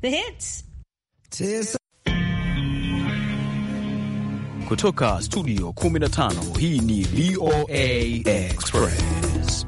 The hits. Tisa. Kutoka studio 15 hii ni VOA Express.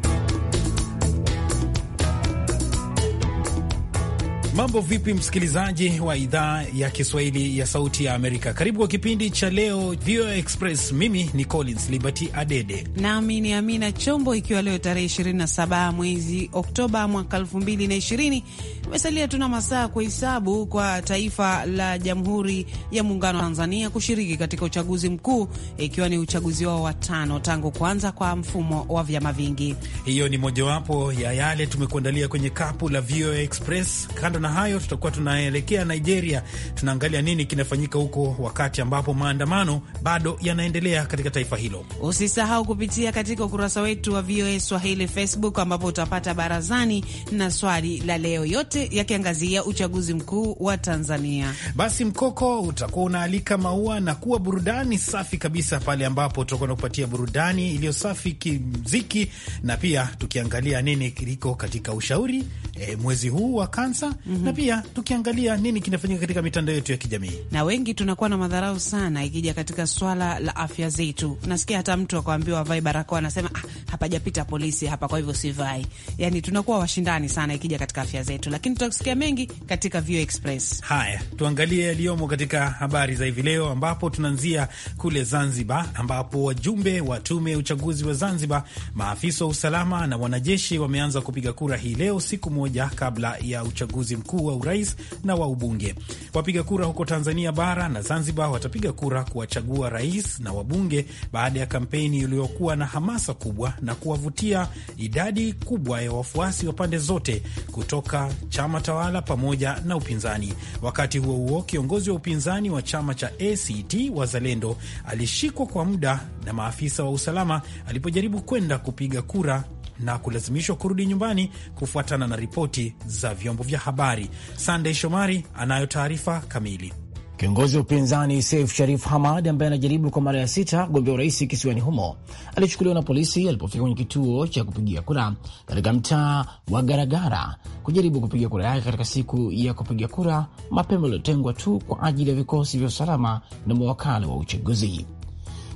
Mambo vipi, msikilizaji wa idhaa ya Kiswahili ya Sauti ya Amerika? Karibu kwa kipindi cha leo VOA Express. Mimi ni Collins Liberty Adede nami ni Amina Chombo, ikiwa leo tarehe 27 mwezi Oktoba mwaka 2020. Imesalia tuna masaa kuhesabu kwa taifa la Jamhuri ya Muungano wa Tanzania kushiriki katika uchaguzi mkuu, ikiwa ni uchaguzi wao wa tano tangu kuanza kwa mfumo wa vyama vingi. Hiyo ni mojawapo ya yale tumekuandalia kwenye kapu la VOA Express kando na hayo tutakuwa tunaelekea Nigeria, tunaangalia nini kinafanyika huko, wakati ambapo maandamano bado yanaendelea katika taifa hilo. Usisahau kupitia katika ukurasa wetu wa VOA Swahili Facebook, ambapo utapata barazani na swali la leo, yote yakiangazia uchaguzi mkuu wa Tanzania. Basi mkoko utakuwa unaalika maua na kuwa burudani safi kabisa, pale ambapo tutakuwa kupatia burudani iliyo safi kimziki, na pia tukiangalia nini kiliko katika ushauri e, mwezi huu wa kansa mm -hmm. -hmm. na pia tukiangalia nini kinafanyika katika mitandao yetu ya kijamii, na wengi tunakuwa na madharau sana ikija katika swala la afya zetu. Nasikia hata mtu akwambiwa avae barakoa anasema ah, hapajapita polisi hapa, kwa hivyo sivai. Yani tunakuwa washindani sana ikija katika afya zetu, lakini tutasikia mengi katika Vio Express. Haya, tuangalie yaliyomo katika habari za hivi leo, ambapo tunaanzia kule Zanzibar, ambapo wajumbe wa tume ya uchaguzi wa Zanzibar, maafisa wa usalama na wanajeshi wameanza kupiga kura hii leo, siku moja kabla ya uchaguzi mkuu wa urais na wa ubunge. Wapiga kura huko Tanzania bara na Zanzibar watapiga kura kuwachagua rais na wabunge baada ya kampeni iliyokuwa na hamasa kubwa na kuwavutia idadi kubwa ya wafuasi wa pande zote kutoka chama tawala pamoja na upinzani. Wakati huo huo, kiongozi wa upinzani wa chama cha ACT Wazalendo alishikwa kwa muda na maafisa wa usalama alipojaribu kwenda kupiga kura na kulazimishwa kurudi nyumbani kufuatana na ripoti za vyombo vya habari. Sandey Shomari anayo taarifa kamili. Kiongozi wa upinzani Saif Sharif Hamad ambaye anajaribu kwa mara ya sita kugombea urais kisiwani humo alichukuliwa na polisi alipofika kwenye kituo cha kupigia kura katika mtaa wa Garagara kujaribu kupiga kura yake katika siku ya kupiga kura mapema iliyotengwa tu kwa ajili ya vikosi vya usalama na mawakala wa uchaguzi.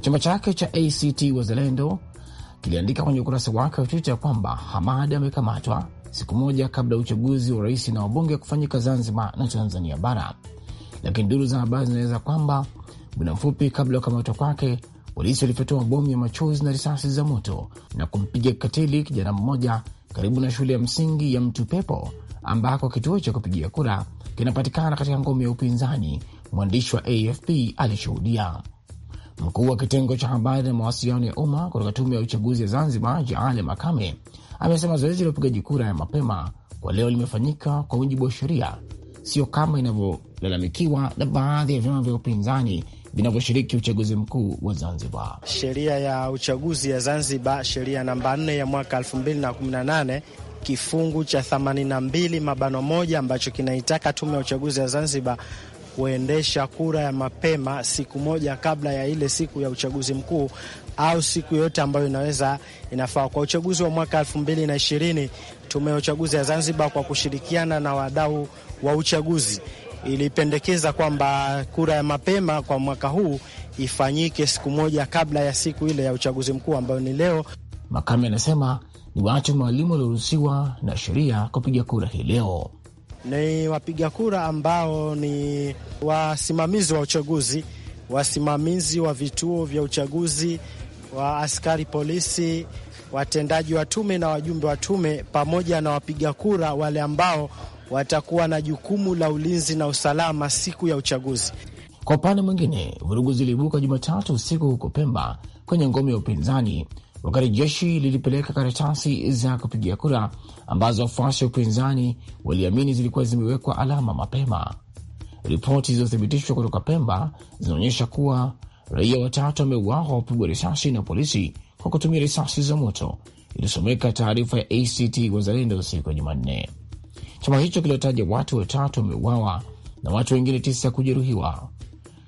Chama chake cha ACT Wazalendo kiliandika kwenye ukurasa wake wa Twitter kwamba Hamad amekamatwa siku moja kabla ya uchaguzi wa rais na wabunge kufanyika Zanzibar na Tanzania bara, lakini duru za habari zinaeleza kwamba muda mfupi kabla ya kukamatwa kwake polisi walifyatua mabomu ya machozi na risasi za moto na kumpiga kikatili kijana mmoja karibu na shule ya msingi ya Mtu Pepo ambako kituo cha kupigia kura kinapatikana katika ngome ya upinzani. Mwandishi wa AFP alishuhudia. Mkuu wa kitengo cha habari na mawasiliano ya umma kutoka tume ya uchaguzi ya Zanzibar, Jaale Makame, amesema zoezi la upigaji kura ya mapema kwa leo limefanyika kwa mujibu wa sheria, sio kama inavyolalamikiwa na baadhi ya vyama vya upinzani vinavyoshiriki uchaguzi mkuu wa Zanzibar. Sheria ya uchaguzi ya Zanzibar, sheria namba 4 ya mwaka 2018 kifungu cha 82 mabano moja ambacho kinaitaka tume ya uchaguzi ya Zanzibar kuendesha kura ya mapema siku moja kabla ya ile siku ya uchaguzi mkuu au siku yoyote ambayo inaweza inafaa kwa uchaguzi wa mwaka 2020. Tume ya uchaguzi ya Zanzibar kwa kushirikiana na wadau wa uchaguzi ilipendekeza kwamba kura ya mapema kwa mwaka huu ifanyike siku moja kabla ya siku ile ya uchaguzi mkuu ambayo ni leo. Makame anasema ni watu maalumu walioruhusiwa na sheria kupiga kura hii leo ni wapiga kura ambao ni wasimamizi wa uchaguzi, wasimamizi wa vituo vya uchaguzi, wa askari polisi, watendaji wa tume na wajumbe wa tume, pamoja na wapiga kura wale ambao watakuwa na jukumu la ulinzi na usalama siku ya uchaguzi. Kwa upande mwingine, vurugu ziliibuka Jumatatu usiku huko Pemba kwenye ngome ya upinzani wakati jeshi lilipeleka karatasi za kupigia kura ambazo wafuasi wa upinzani waliamini zilikuwa zimewekwa alama mapema. Ripoti zilizothibitishwa kutoka Pemba zinaonyesha kuwa raia watatu wameuawa kwa kupigwa risasi na polisi kwa kutumia risasi za moto, ilisomeka taarifa ya ACT Wazalendo siku ya Jumanne. Chama hicho kiliotaja watu watatu wameuawa na watu wengine tisa kujeruhiwa.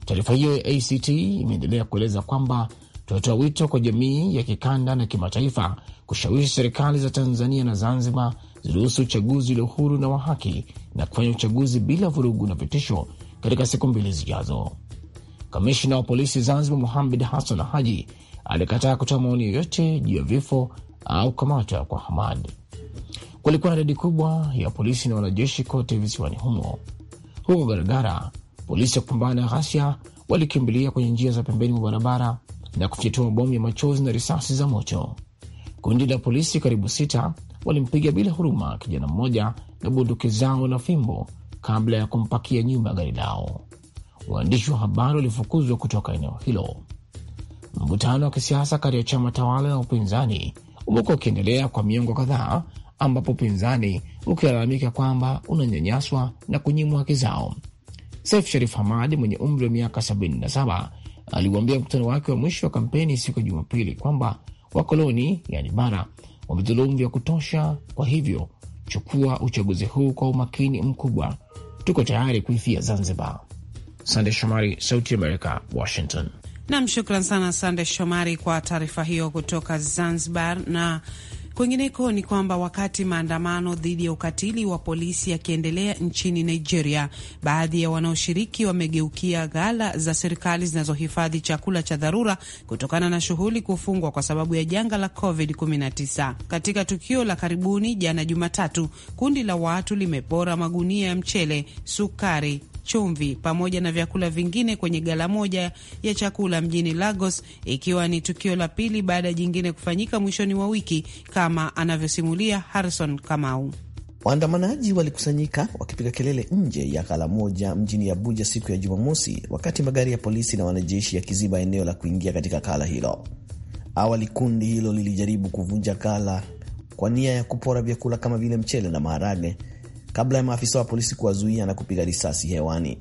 Taarifa hiyo ya ACT imeendelea kueleza kwamba tunatoa wito kwa jamii ya kikanda na kimataifa kushawishi serikali za Tanzania na Zanzibar ziruhusu uchaguzi ulio huru na wa haki na kufanya uchaguzi bila vurugu na vitisho katika siku mbili zijazo. Kamishna wa polisi Zanzibar Muhamed Hassan Haji alikataa kutoa maoni yoyote juu ya vifo au kamata kwa Hamad. Kulikuwa na idadi kubwa ya polisi na wanajeshi kote visiwani humo. Huko Garagara, polisi wa kupambana na ghasia walikimbilia kwenye njia za pembeni mwa barabara na kufyatua mabomu ya machozi na risasi za moto. Kundi la polisi karibu sita walimpiga bila huruma kijana mmoja na bunduki zao na fimbo kabla ya kumpakia nyuma ya gari lao. Waandishi wa habari walifukuzwa kutoka eneo hilo. Mvutano wa kisiasa kati ya chama tawala na upinzani umekuwa ukiendelea kwa miongo kadhaa, ambapo upinzani ukilalamika kwamba unanyanyaswa na kunyimwa haki zao. Saif Sharif Hamad mwenye umri wa miaka 77 aliuambia mkutano wake wa mwisho wa kampeni siku ya Jumapili kwamba wakoloni, yani bara, wamedhulumu vya kutosha, kwa hivyo chukua uchaguzi huu kwa umakini mkubwa, tuko tayari kuifia Zanzibar. Sande Shomari, Sauti Amerika, Washington. Nam, shukran sana Sande Shomari kwa taarifa hiyo kutoka Zanzibar na Kwingineko ni kwamba wakati maandamano dhidi ya ukatili wa polisi yakiendelea nchini Nigeria, baadhi ya wanaoshiriki wamegeukia ghala za serikali zinazohifadhi chakula cha dharura kutokana na shughuli kufungwa kwa sababu ya janga la COVID-19. Katika tukio la karibuni jana Jumatatu, kundi la watu limepora magunia ya mchele, sukari chumvi pamoja na vyakula vingine kwenye gala moja ya chakula mjini Lagos, ikiwa ni tukio la pili baada ya jingine kufanyika mwishoni mwa wiki, kama anavyosimulia Harrison Kamau. Waandamanaji walikusanyika wakipiga kelele nje ya ghala moja mjini Abuja siku ya Jumamosi, wakati magari ya polisi na wanajeshi yakiziba eneo la kuingia katika ghala hilo. Awali kundi hilo lilijaribu kuvunja ghala kwa nia ya kupora vyakula kama vile mchele na maharage, kabla ya maafisa wa polisi kuwazuia na kupiga risasi hewani.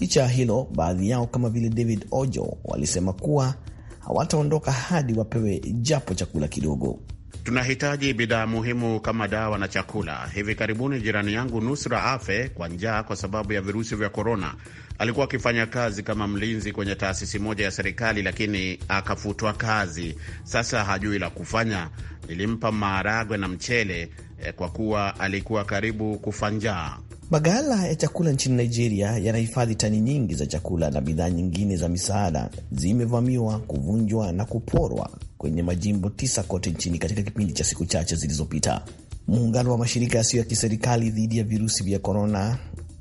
Licha ya hilo, baadhi yao kama vile David Ojo walisema kuwa hawataondoka hadi wapewe japo chakula kidogo. Tunahitaji bidhaa muhimu kama dawa na chakula. Hivi karibuni jirani yangu Nusra Afe kwa njaa kwa sababu ya virusi vya korona. Alikuwa akifanya kazi kama mlinzi kwenye taasisi moja ya serikali, lakini akafutwa kazi. Sasa hajui la kufanya. Nilimpa maharagwe na mchele Eh, kwa kuwa alikuwa karibu kufa njaa. Maghala ya chakula nchini Nigeria yanahifadhi tani nyingi za chakula na bidhaa nyingine za misaada zimevamiwa, kuvunjwa na kuporwa kwenye majimbo tisa kote nchini katika kipindi cha siku chache zilizopita. Muungano wa mashirika yasiyo ya kiserikali dhidi ya virusi vya korona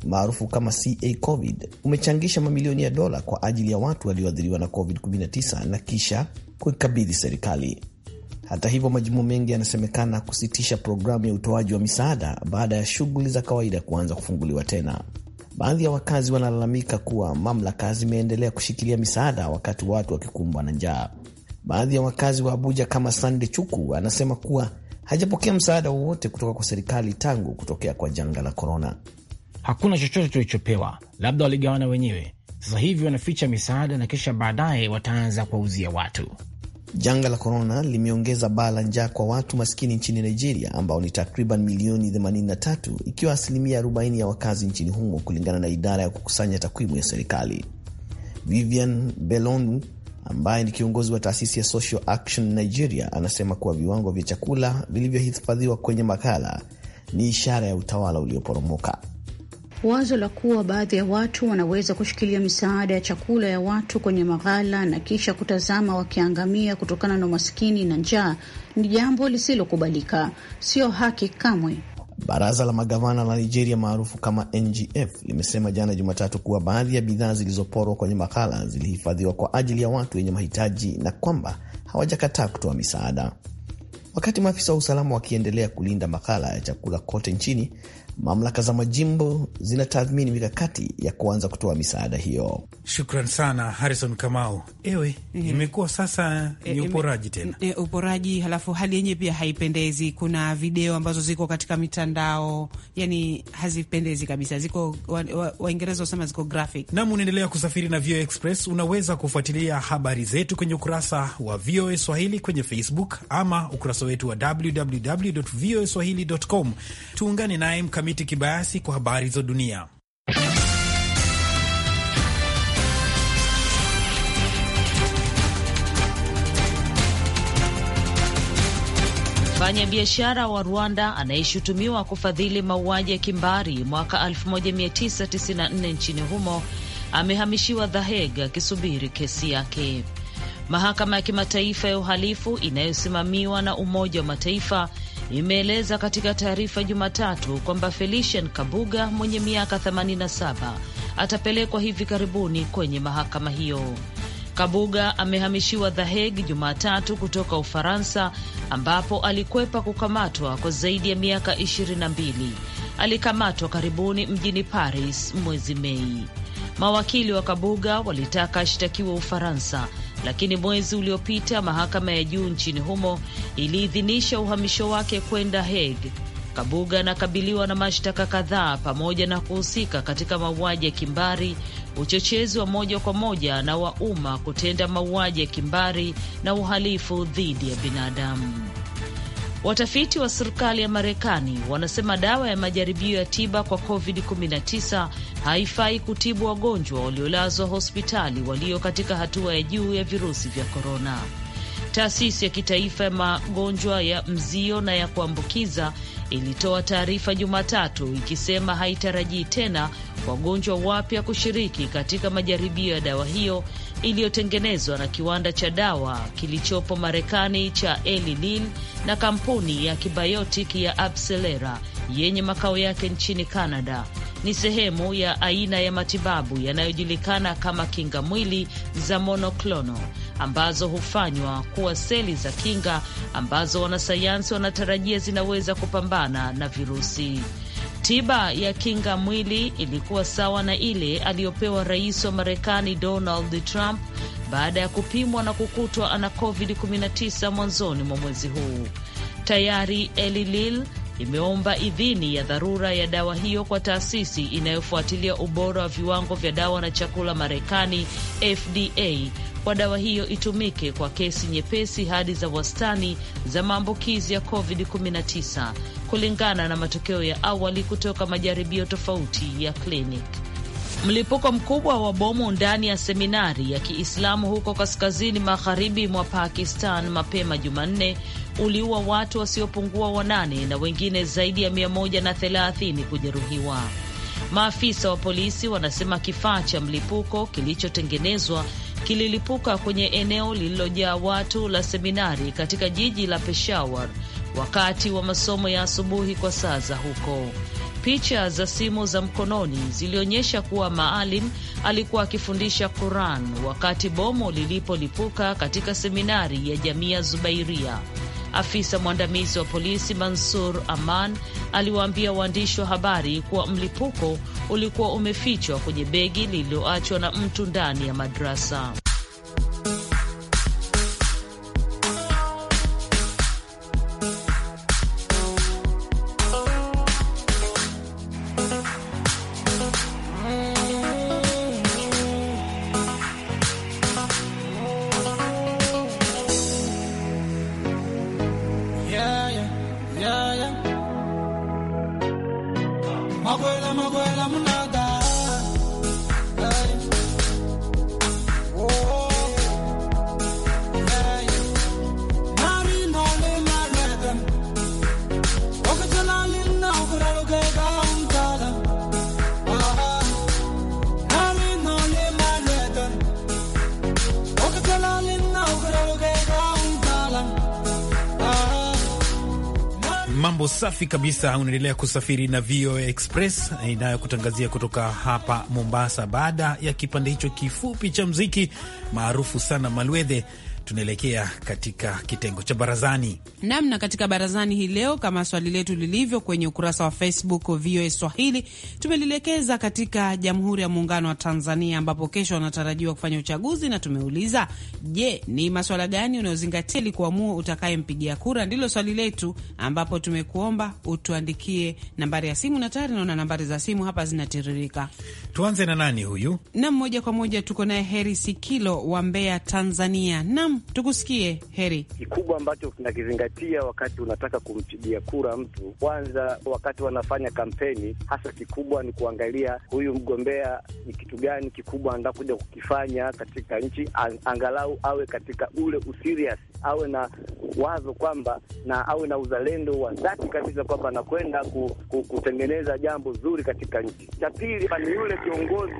maarufu kama CA COVID umechangisha mamilioni ya dola kwa ajili ya watu walioathiriwa na COVID-19 na kisha kuikabidhi serikali. Hata hivyo, majimbo mengi yanasemekana kusitisha programu ya utoaji wa misaada baada ya shughuli za kawaida kuanza kufunguliwa tena. Baadhi ya wakazi wanalalamika kuwa mamlaka zimeendelea kushikilia misaada wakati watu wakikumbwa na njaa. Baadhi ya wakazi wa Abuja kama Sande Chuku anasema kuwa hajapokea msaada wowote kutoka kwa serikali tangu kutokea kwa janga la korona. Hakuna chochote tulichopewa, labda waligawana wenyewe. Sasa hivi wanaficha misaada na kisha baadaye wataanza kuwauzia watu. Janga la korona limeongeza baa la njaa kwa watu maskini nchini Nigeria, ambao ni takriban milioni 83, ikiwa asilimia 40 ya wakazi nchini humo, kulingana na idara ya kukusanya takwimu ya serikali. Vivian Belonu ambaye ni kiongozi wa taasisi ya Social Action Nigeria anasema kuwa viwango vya chakula vilivyohifadhiwa kwenye makala ni ishara ya utawala ulioporomoka. Wazo la kuwa baadhi ya watu wanaweza kushikilia misaada ya chakula ya watu kwenye maghala na kisha kutazama wakiangamia kutokana na umaskini na njaa ni jambo lisilokubalika, sio haki kamwe. Baraza la magavana la Nigeria maarufu kama NGF limesema jana Jumatatu kuwa baadhi ya bidhaa zilizoporwa kwenye maghala zilihifadhiwa kwa ajili ya watu wenye mahitaji na kwamba hawajakataa kutoa misaada. Wakati maafisa wa usalama wakiendelea kulinda maghala ya chakula kote nchini, mamlaka za majimbo zinatathmini mikakati ya kuanza kutoa misaada hiyo. Shukran sana Harrison Kamau. Ewe mm -hmm. Imekuwa sasa e, uporaji tena e, uporaji, halafu hali yenyewe pia haipendezi. Kuna video ambazo ziko katika mitandao, yani hazipendezi kabisa, ziko Waingereza wa, wa usema ziko graphic. Nam unaendelea kusafiri na VOA Express. Unaweza kufuatilia habari zetu kwenye ukurasa wa VOA Swahili kwenye Facebook ama ukurasa wetu wa www voa swahili com. Tuungane naye mkamili Mkamiti Kibayasi kwa habari za dunia. Mfanyabiashara wa Rwanda anayeshutumiwa kufadhili mauaji ya kimbari mwaka 1994 nchini humo amehamishiwa The Hague akisubiri kesi yake. Mahakama ya Kimataifa ya Uhalifu inayosimamiwa na Umoja wa Mataifa imeeleza katika taarifa Jumatatu kwamba Felician Kabuga mwenye miaka 87 atapelekwa hivi karibuni kwenye mahakama hiyo. Kabuga amehamishiwa The Hague Jumatatu kutoka Ufaransa ambapo alikwepa kukamatwa kwa zaidi ya miaka 22. Alikamatwa karibuni mjini Paris mwezi Mei. Mawakili wa Kabuga walitaka ashitakiwa Ufaransa lakini mwezi uliopita mahakama ya juu nchini humo iliidhinisha uhamisho wake kwenda Hague. Kabuga anakabiliwa na mashtaka kadhaa pamoja na kuhusika katika mauaji ya kimbari, uchochezi wa moja kwa moja na wa umma, kutenda mauaji ya kimbari na uhalifu dhidi ya binadamu. Watafiti wa serikali ya Marekani wanasema dawa ya majaribio ya tiba kwa COVID-19 haifai kutibu wagonjwa waliolazwa hospitali walio katika hatua ya juu ya virusi vya korona. Taasisi ya kitaifa ya magonjwa ya mzio na ya kuambukiza ilitoa taarifa Jumatatu ikisema haitarajii tena wagonjwa wapya kushiriki katika majaribio ya dawa hiyo iliyotengenezwa na kiwanda cha dawa kilichopo Marekani cha Eli Lilly na kampuni ya kibayotiki ya Abselera yenye makao yake nchini Canada ni sehemu ya aina ya matibabu yanayojulikana kama kinga mwili za monoklono ambazo hufanywa kuwa seli za kinga ambazo wanasayansi wanatarajia zinaweza kupambana na virusi. Tiba ya kinga mwili ilikuwa sawa na ile aliyopewa rais wa Marekani Donald Trump baada ya kupimwa na kukutwa ana COVID-19 mwanzoni mwa mwezi huu. Tayari Eli Lilly imeomba idhini ya dharura ya dawa hiyo kwa taasisi inayofuatilia ubora wa viwango vya dawa na chakula Marekani, FDA kwa dawa hiyo itumike kwa kesi nyepesi hadi za wastani za maambukizi ya COVID-19 kulingana na matokeo ya awali kutoka majaribio tofauti ya kliniki. Mlipuko mkubwa wa bomu ndani ya seminari ya Kiislamu huko kaskazini magharibi mwa Pakistan mapema Jumanne uliua watu wasiopungua wanane na wengine zaidi ya 130 kujeruhiwa. Maafisa wa polisi wanasema kifaa cha mlipuko kilichotengenezwa kililipuka kwenye eneo lililojaa watu la seminari katika jiji la Peshawar wakati wa masomo ya asubuhi kwa saa za huko. Picha za simu za mkononi zilionyesha kuwa Maalim alikuwa akifundisha Quran wakati bomu lilipolipuka katika seminari ya Jamia Zubairia. Afisa mwandamizi wa polisi Mansur Aman aliwaambia waandishi wa habari kuwa mlipuko ulikuwa umefichwa kwenye begi lililoachwa na mtu ndani ya madrasa. safi kabisa. Unaendelea kusafiri na VOA Express inayokutangazia kutoka hapa Mombasa, baada ya kipande hicho kifupi cha mziki maarufu sana Malwedhe tunaelekea katika kitengo cha barazani namna. Katika barazani hii leo, kama swali letu lilivyo kwenye ukurasa wa Facebook VOA Swahili, tumelielekeza katika Jamhuri ya Muungano wa Tanzania, ambapo kesho wanatarajiwa kufanya uchaguzi, na tumeuliza je, ni maswala gani unayozingatia ili kuamua utakayempigia kura? Ndilo swali letu, ambapo tumekuomba utuandikie nambari ya simu, na tayari naona nambari za simu hapa zinatiririka. Tuanze na nani huyu? Nam, moja kwa moja tuko naye Heri Sikilo wa Mbeya, Tanzania. Nam Naam, tukusikie Heri. Kikubwa ambacho kinakizingatia wakati unataka kumpigia kura mtu, kwanza wakati wanafanya kampeni, hasa kikubwa ni kuangalia huyu mgombea ni kitu gani kikubwa anakuja kukifanya katika nchi, angalau awe katika ule userious, awe na wazo kwamba na awe na uzalendo wa dhati kabisa kwamba anakwenda ku, ku, kutengeneza jambo zuri katika nchi. Cha pili ni yule kiongozi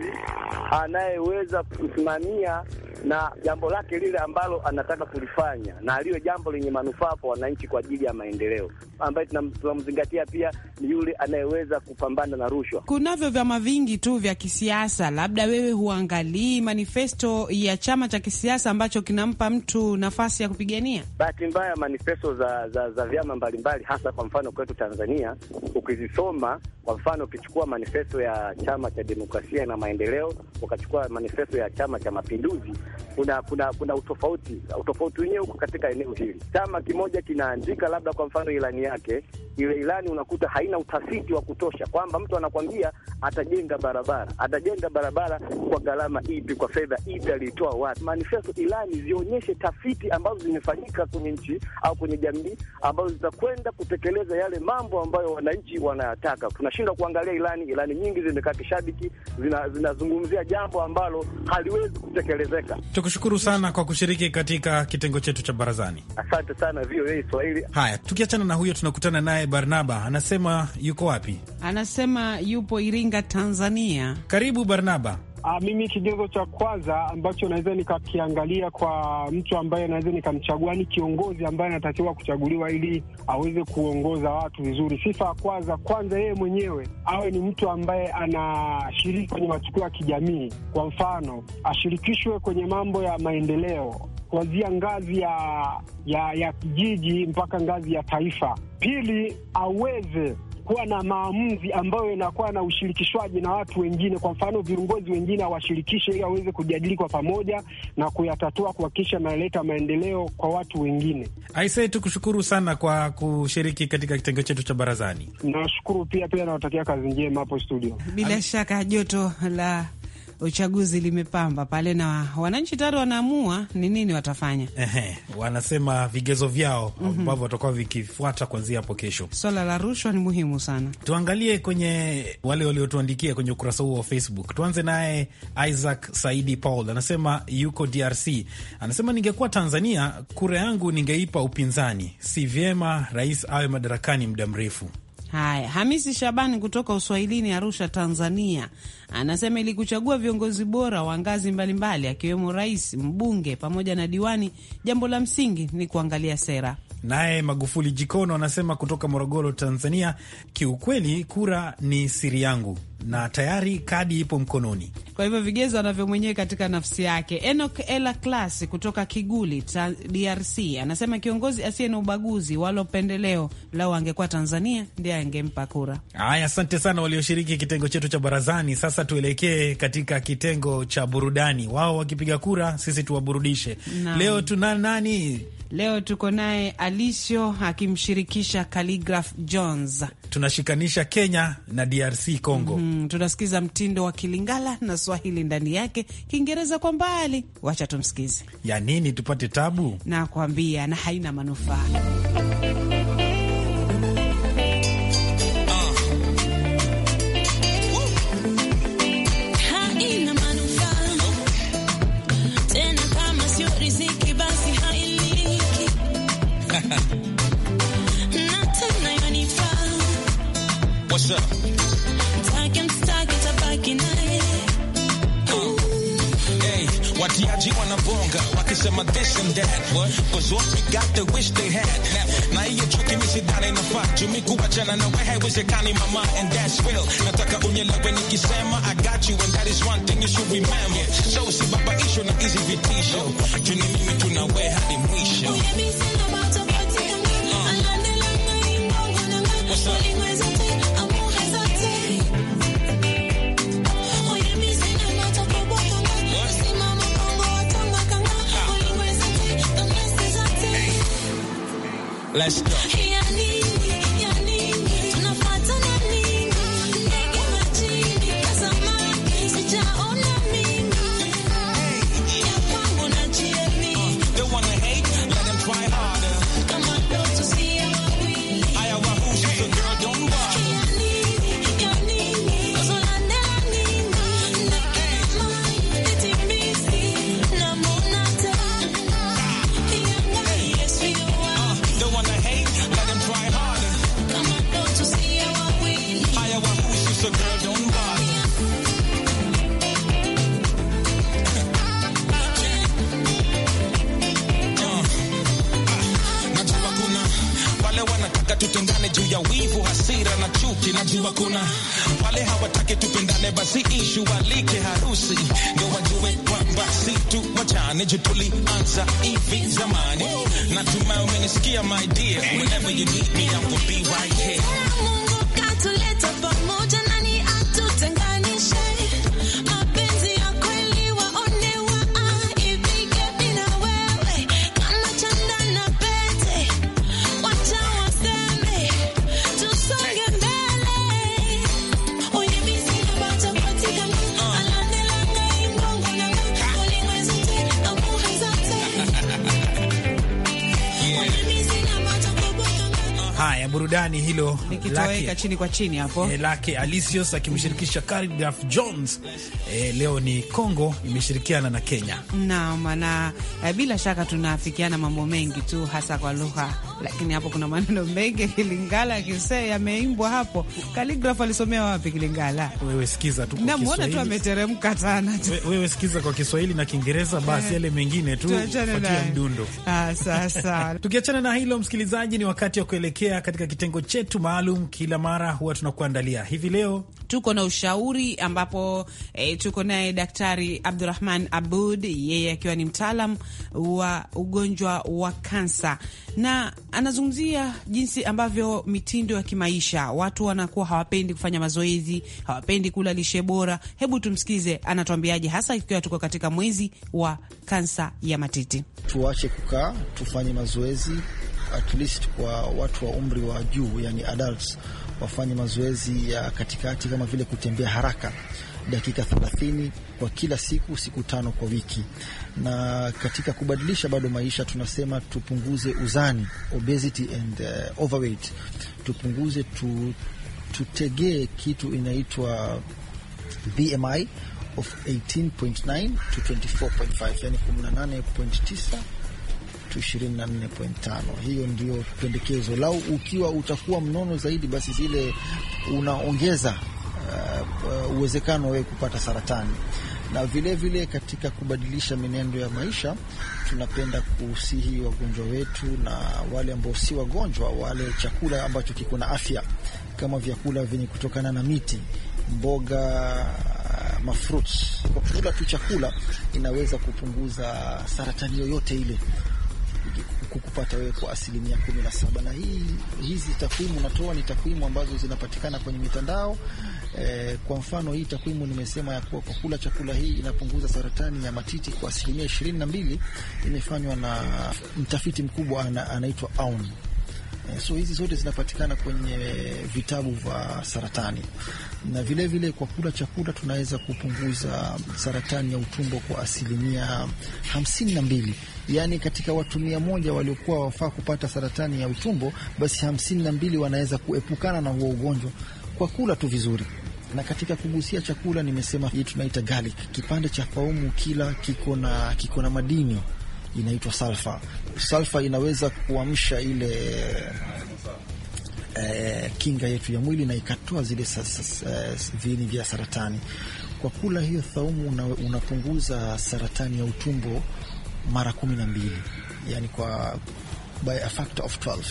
anayeweza kusimamia na jambo lake lile ambalo anataka kulifanya, na aliyo jambo lenye manufaa kwa wananchi kwa ajili ya maendeleo ambaye tunamzingatia pia ni yule anayeweza kupambana na rushwa. Kunavyo vyama vingi tu vya kisiasa, labda wewe huangalii manifesto ya chama cha kisiasa ambacho kinampa mtu nafasi ya kupigania. Bahati mbaya manifesto za, za, za vyama mbalimbali, hasa kwa mfano kwetu Tanzania, ukizisoma kwa mfano, ukichukua manifesto ya chama cha demokrasia na maendeleo, ukachukua manifesto ya chama cha mapinduzi, kuna kuna kuna utofauti. Utofauti wenyewe uko katika eneo hili, chama kimoja kinaandika labda kwa mfano ilani yake, ile ilani unakuta haina utafiti wa kutosha, kwamba mtu anakwambia atajenga barabara, atajenga barabara kwa gharama ipi, kwa fedha ipi, aliitoa wapi? Manifesto, ilani zionyeshe tafiti ambazo zimefanyika kwenye nchi au kwenye jamii ambazo zitakwenda kutekeleza yale mambo ambayo wananchi wanayataka. Tunashindwa kuangalia ilani. Ilani nyingi zimekaa kishabiki, zinazungumzia zina jambo ambalo haliwezi kutekelezeka. Tukushukuru sana kwa kushiriki katika kitengo chetu cha barazani. Asante sana VOA Swahili. Haya, tukiachana na huyo tunakutana naye Barnaba. Anasema yuko wapi? Anasema yupo Iringa, Tanzania. Karibu Barnaba. Uh, mimi kigezo cha kwanza ambacho naweza nikakiangalia kwa mtu ambaye naweza nikamchagua ni kiongozi ambaye anatakiwa kuchaguliwa ili aweze kuongoza watu vizuri. Sifa ya kwanza kwanza, yeye mwenyewe awe ni mtu ambaye anashiriki kwenye matukio ya kijamii. Kwa mfano, ashirikishwe kwenye mambo ya maendeleo kuanzia ngazi ya ya ya kijiji mpaka ngazi ya taifa. Pili, aweze kuwa na maamuzi ambayo inakuwa na ushirikishwaji na watu wengine. Kwa mfano, viongozi wengine awashirikishe ili aweze kujadili kwa pamoja na kuyatatua, kuhakikisha analeta maendeleo kwa watu wengine. Aisee, tukushukuru sana kwa kushiriki katika kitengo chetu cha barazani. Nashukuru pia pia, nawatakia kazi njema hapo studio. Bila shaka joto la uchaguzi limepamba pale na wananchi tayari wanaamua ni nini watafanya. Ehe, wanasema vigezo vyao mhm. ambavyo mm -hmm. watakuwa vikifuata kuanzia hapo kesho. Swala la rushwa ni muhimu sana. Tuangalie kwenye wale waliotuandikia kwenye ukurasa huo wa Facebook. Tuanze naye Isaac Saidi Paul, anasema yuko DRC, anasema ningekuwa Tanzania, kura yangu ningeipa upinzani. Si vyema rais awe madarakani muda mrefu. Haya, Hamisi Shabani kutoka Uswahilini, Arusha, Tanzania, anasema ili kuchagua viongozi bora wa ngazi mbalimbali akiwemo rais, mbunge pamoja na diwani, jambo la msingi ni kuangalia sera. Naye Magufuli Jikono anasema kutoka Morogoro, Tanzania, kiukweli kura ni siri yangu na tayari kadi ipo mkononi. Kwa hivyo vigezo anavyo mwenyewe katika nafsi yake. Enok Ela Klasi kutoka Kiguli, DRC, anasema kiongozi asiye na ubaguzi wala upendeleo, lau angekuwa Tanzania ndiye angempa kura. Haya, asante sana walioshiriki kitengo chetu cha barazani. Sasa tuelekee katika kitengo cha burudani, wao wakipiga kura, sisi tuwaburudishe. leo tuna nani? Leo tuko naye Alisho akimshirikisha Khaligraph Jones. Tunashikanisha Kenya na DRC Congo. mm -hmm. Mm, tunasikiza mtindo wa Kilingala na Swahili ndani yake, Kiingereza kwa mbali. Wacha tumsikize ya nini, tupate tabu na kuambia, na haina manufaa and my this and that. What? Pues what we got the wish they had. Now you're choking me, fight. naiyechukinishidanenafaa I jana na wehe wezekani mama and that's real Now nataka unyelewe nikisema i got you and that is one thing you should remember so si you isho me, hizi vitisho juni mimi tunawe we show? What's up? Let's go. burudani hilo likitoweka chini kwa chini hapo e, lake Alicious akimshirikisha Khaligraph Jones. E, leo ni Kongo imeshirikiana na Kenya. Naam, na eh, bila shaka tunafikiana mambo mengi tu hasa kwa lugha lakini hapo kuna maneno mengi Kilingala kisee yameimbwa hapo. Kaligraf alisomea wapi Kilingala? Wewe sikiza tu, namwona tu ameteremka sana. Wewe sikiza kwa Kiswahili na Kiingereza, basi eh. yale mengine tu tuachane na mdundo. Ah, sasa tukiachana na hilo, msikilizaji, ni wakati wa kuelekea katika kitengo chetu maalum, kila mara huwa tunakuandalia hivi leo tuko na ushauri ambapo e, tuko naye Daktari Abdurahman Abud, yeye akiwa ni mtaalam wa ugonjwa wa kansa, na anazungumzia jinsi ambavyo mitindo ya kimaisha, watu wanakuwa hawapendi kufanya mazoezi, hawapendi kula lishe bora. Hebu tumsikize anatuambiaje, hasa ikiwa tuko katika mwezi wa kansa ya matiti. Tuache kukaa, tufanye mazoezi at least kwa watu wa umri wa juu, yani adults wafanye mazoezi ya katikati kama vile kutembea haraka dakika 30 kwa kila siku, siku tano kwa wiki. Na katika kubadilisha bado maisha, tunasema tupunguze uzani, obesity and uh, overweight, tupunguze tu, tutegee kitu inaitwa BMI of 18.9 to 24.5, yani 18.9 watu 24.5. Hiyo ndio pendekezo lau, ukiwa utakuwa mnono zaidi, basi zile unaongeza uh, uwezekano wewe kupata saratani na vilevile vile katika kubadilisha mienendo ya maisha, tunapenda kusihi wagonjwa wetu na wale ambao si wagonjwa wale chakula ambacho kiko na afya, kama vyakula vyenye kutokana na miti, mboga, uh, mafruits. Kwa kula tu chakula inaweza kupunguza saratani yoyote ile kukupata wewe kwa asilimia kumi na saba na hii, hizi takwimu natoa ni takwimu ambazo zinapatikana kwenye mitandao e, kwa mfano hii takwimu nimesema ya kuwa kwa kula chakula hii inapunguza saratani ya matiti kwa asilimia ishirini na mbili imefanywa na mtafiti mkubwa anaitwa Aun. Eh, so hizi zote zinapatikana kwenye vitabu vya saratani, na vilevile vile kwa kula chakula tunaweza kupunguza saratani ya utumbo kwa asilimia hamsini na mbili yaani katika watu mia moja waliokuwa wafaa kupata saratani ya utumbo, basi hamsini na mbili wanaweza kuepukana na huo ugonjwa kwa kula tu vizuri na katika kugusia chakula nimesema hii tunaita garlic. Kipande cha faumu kila kiko na kiko na madini inaitwa salfa. Salfa inaweza kuamsha ile eh, kinga yetu ya mwili na ikatoa zile eh, viini vya saratani. Kwa kula hiyo thaumu unapunguza saratani ya utumbo mara kumi na mbili yani kwa by a factor of 12.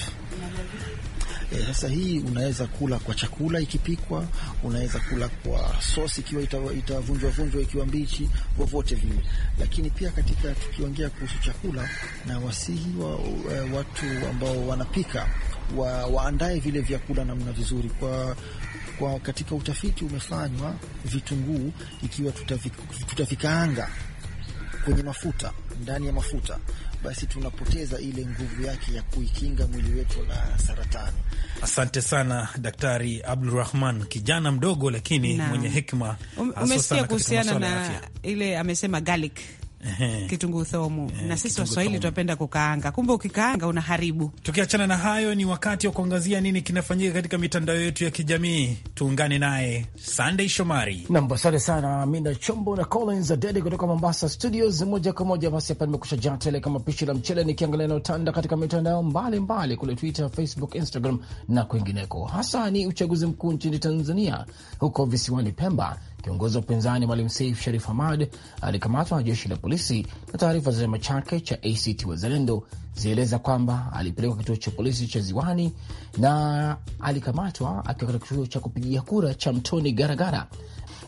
E, sasa hii unaweza kula kwa chakula ikipikwa, unaweza kula kwa sosi ikiwa itavunjwa vunjwa ikiwa mbichi, vyovyote vile. Lakini pia katika tukiongea kuhusu chakula, na wasihi wa, wa, e, watu ambao wanapika wa, waandae vile vyakula namna vizuri kwa kwa katika utafiti umefanywa vitunguu ikiwa tutavikaanga kwenye mafuta, ndani ya mafuta, basi tunapoteza ile nguvu yake ya kuikinga mwili wetu na saratani. Asante sana Daktari Abdurahman, kijana mdogo lakini um, na mwenye hikma Umesikia kuhusiana na ile amesema garlic kitunguu thomu na sisi Waswahili tunapenda kukaanga, kumbe ukikaanga unaharibu. Tukiachana na hayo, ni wakati wa kuangazia nini kinafanyika katika mitandao yetu ya kijamii. Tuungane naye sandey Shomari nam. Asante sana amina Chombo na Collins Adede kutoka Mombasa studios moja kwa moja. Basi hapa nimekusha jaa tele kama pishi la mchele, nikiangalia utanda katika mitandao mbalimbali kule Twitter, Facebook, Instagram na kwingineko, hasa ni uchaguzi mkuu nchini Tanzania, huko visiwani Pemba Kiongozi wa upinzani mwalim Seif Sharif Hamad alikamatwa na jeshi la polisi, na taarifa za chama chake cha ACT Wazalendo zilieleza kwamba alipelekwa kituo cha polisi cha Ziwani na alikamatwa akiwa katika kituo cha kupigia kura cha Mtoni Garagara.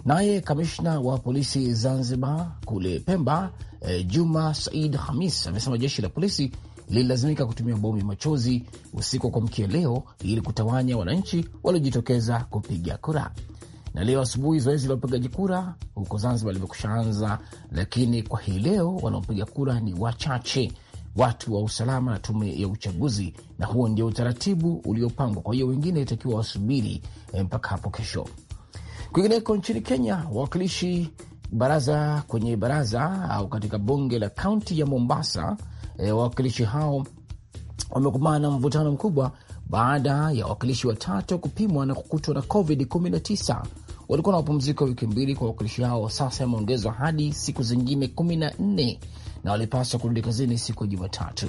Naye kamishna wa polisi Zanzibar kule Pemba, eh, Juma Said Hamis amesema jeshi la polisi lililazimika kutumia bomu ya machozi usiku wa kuamkia leo ili kutawanya wananchi waliojitokeza kupiga kura na leo asubuhi zoezi la upigaji kura huko Zanzibar anza, lakini kwa hii leo wanaopiga kura ni wachache, watu wa usalama na tume ya uchaguzi, na huo ndio utaratibu uliopangwa. Kwa hiyo wengine itakiwa wasubiri eh, mpaka hapo kesho. Kwingineko nchini Kenya, wawakilishi baraza kwenye baraza au katika bunge la kaunti ya Mombasa, e, wawakilishi hao wamekumbana na mvutano mkubwa baada ya wawakilishi watatu kupimwa na kukutwa na COVID-19 walikuwa na mapumziko wiki mbili kwa wakilishi hao, sasa yameongezwa hadi siku zingine kumi na nne na walipaswa kurudi kazini siku ya Jumatatu.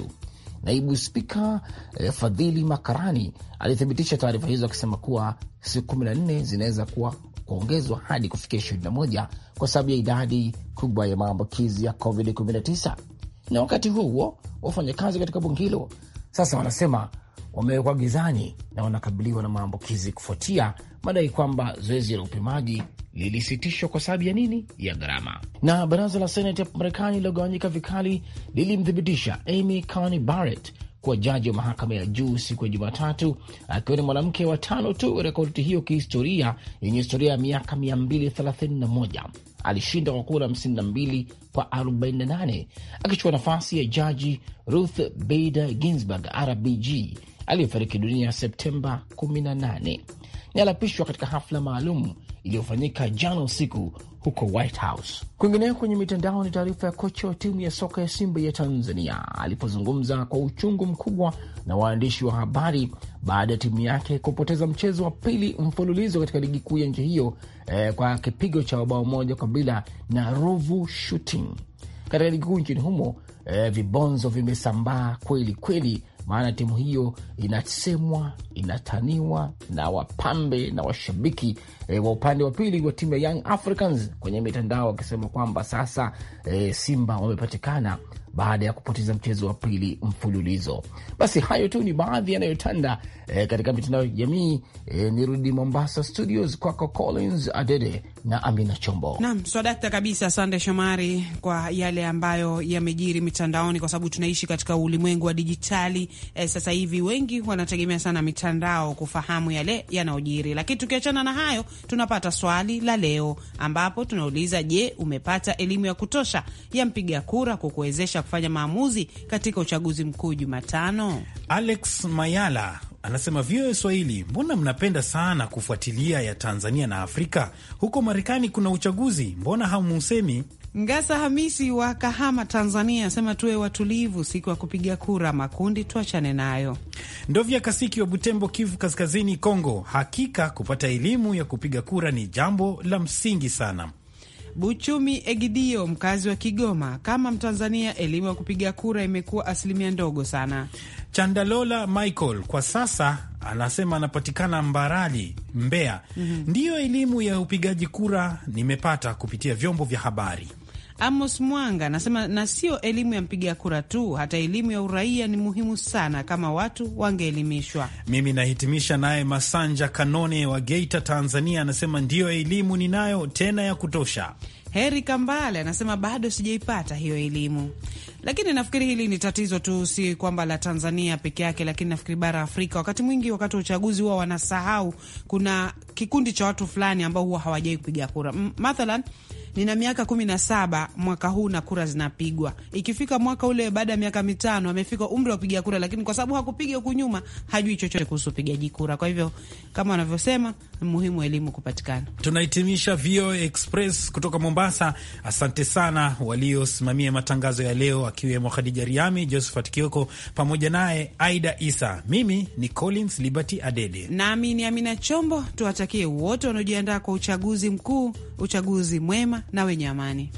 Naibu Spika eh, Fadhili Makarani alithibitisha taarifa hizo akisema kuwa siku kumi na nne zinaweza kuwa kuongezwa hadi kufikia ishirini na moja kwa sababu ya idadi kubwa ya maambukizi ya COVID-19. Na wakati huo huo wafanyakazi katika bunge hilo sasa wanasema wamewekwa gizani na wanakabiliwa na maambukizi kufuatia madai kwamba zoezi la upimaji lilisitishwa kwa sababu ya nini ya gharama. Na baraza la seneti ya Marekani lilogawanyika vikali lilimthibitisha Amy Coney Barrett kuwa jaji wa mahakama ya juu siku ya Jumatatu, akiwa ni mwanamke wa tano tu rekodi hiyo kihistoria yenye historia ya miaka 231. Alishinda kwa kura 52 kwa 48, akichukua nafasi ya jaji Ruth Bader Ginsburg RBG aliyefariki dunia Septemba 18 na alapishwa katika hafla maalum iliyofanyika jana usiku huko White House. kwenye mitandao ni taarifa ya kocha wa timu ya soka ya Simba ya Tanzania alipozungumza kwa uchungu mkubwa na waandishi wa habari baada ya timu yake kupoteza mchezo wa pili mfululizo katika ligi kuu ya nchi hiyo eh, kwa kipigo cha bao moja kwa bila na Ruvu Shooting katika ligi kuu nchini humo. Eh, vibonzo vimesambaa kweli kweli maana timu hiyo inasemwa inataniwa na wapambe na washabiki e, wa upande wa pili wa timu ya Young Africans kwenye mitandao wakisema kwamba sasa e, Simba wamepatikana baada ya kupoteza mchezo wa pili mfululizo. Basi hayo tu ni baadhi yanayotanda eh, katika mitandao ya kijamii e, nirudi Mombasa studios kwako Collins Adede na Amina Chombo. Naam, swadakta kabisa, asante Shomari kwa yale ambayo yamejiri mitandaoni, kwa sababu tunaishi katika ulimwengu wa dijitali eh, sasa hivi wengi wanategemea sana mitandao kufahamu yale yanayojiri. Lakini tukiachana na hayo, tunapata swali la leo ambapo tunauliza, je, umepata elimu ya kutosha ya mpiga kura kukuwezesha kufanya maamuzi katika uchaguzi mkuu Jumatano. Alex Mayala anasema VOA Swahili, mbona mnapenda sana kufuatilia ya Tanzania na Afrika? Huko Marekani kuna uchaguzi, mbona hamusemi? Ngasa Hamisi wa Kahama, Tanzania asema tuwe watulivu siku ya kupiga kura, makundi tuachane nayo. Ndovya Kasiki wa Butembo, Kivu Kaskazini, Kongo, hakika kupata elimu ya kupiga kura ni jambo la msingi sana. Buchumi Egidio, mkazi wa Kigoma, kama Mtanzania, elimu ya kupiga kura imekuwa asilimia ndogo sana. Chandalola Michael kwa sasa anasema anapatikana Mbarali, Mbeya. mm -hmm. Ndiyo elimu ya upigaji kura nimepata kupitia vyombo vya habari. Amos Mwanga anasema na sio elimu ya mpiga kura tu, hata elimu ya uraia ni muhimu sana, kama watu wangeelimishwa. Mimi nahitimisha naye Masanja Kanone wa Geita, Tanzania, anasema ndiyo elimu ninayo tena ya kutosha. Heri Kambale anasema bado sijaipata hiyo elimu. Lakini nafikiri hili ni tatizo tu, si kwamba la Tanzania peke yake, lakini nafikiri bara Afrika wakati mwingi, wakati wa uchaguzi huwa wanasahau kuna kikundi cha watu fulani ambao huwa hawajai kupiga kura. Mathalan, nina miaka kumi na saba mwaka huu na kura zinapigwa. Ikifika mwaka ule baada ya miaka mitano, amefika umri wa kupiga kura, lakini kwa sababu hakupiga huku nyuma, hajui chochote kuhusu upigaji kura. Kwa hivyo kama wanavyosema, muhimu elimu kupatikana. Tunahitimisha VOA Express kutoka Mombasa. Asante sana waliosimamia matangazo ya leo akiwemo Khadija Riami, Josephat Kioko pamoja naye Aida Isa. Mimi ni Collins Liberty Adede nami ni Amina Chombo. Tuwatakie wote wanaojiandaa kwa uchaguzi mkuu uchaguzi mwema na wenye amani.